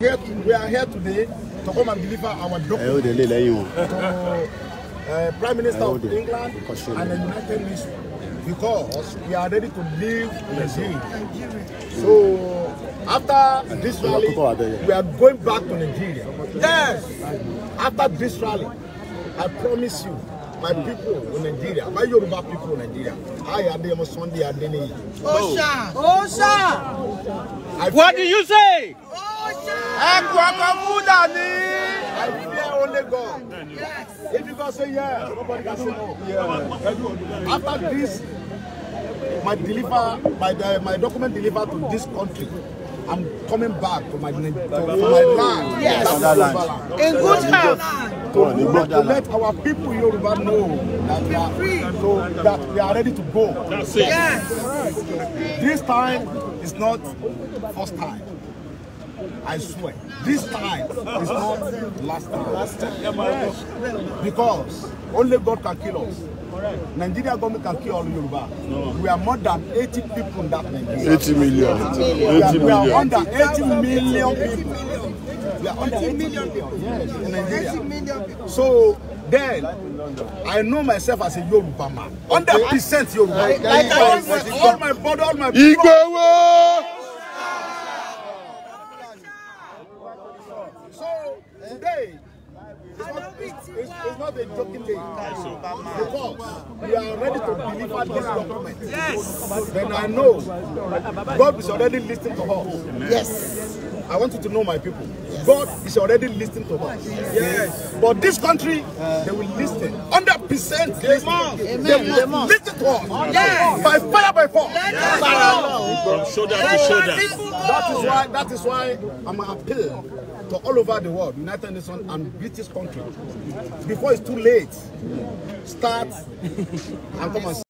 Here to, we are here today to come and deliver our document to uh, Prime Minister of England and the United Nations because we are ready to leave Nigeria. So after this rally, we are going back to Nigeria. Yes! After this rally, I promise you, my people in Nigeria, my Yoruba people in Nigeria, I am there on Sunday at Dene. Osha! Osha! What do you say? Osha! Ẹ ọkọ̀ mú dání. If you can say yes, nobody can say no. After this, my deliver, my uh, my document delivered to this country. I'm coming back to my, to, to my land. Yes. That's In good health. To, to, to let our people Yoruba know that we are free. So that we are ready to go. That's it. Yes. This time is not first time. I swear, this time is not last time. Last time. Yeah, Because only God can kill us. Correct. Nigeria government can kill all Yoruba. No. We are more than 80 people in that Nigeria. 80 million. 80 million. We are, we are under 80 million people. We are under 80 million people. in Nigeria. So then I know myself as a Yoruba man. 100% Yoruba. Like, like all, my, all my body, all my blood. today. It's not, it's, it's not a joking thing. Ah, Because we are ready to deliver this document. Yes. Then I know God is already listening to us. Yes. I want you to know my people. Yes. God is already listening to us. Yes. But this country, they will listen. 100% Amen. They will Amen. listen to us. Yes. By fire, by force. By fire from shoulder to shoulder. That is why that is why I'm appeal to all over the world, United Nations and British country. Before it's too late, start and come and.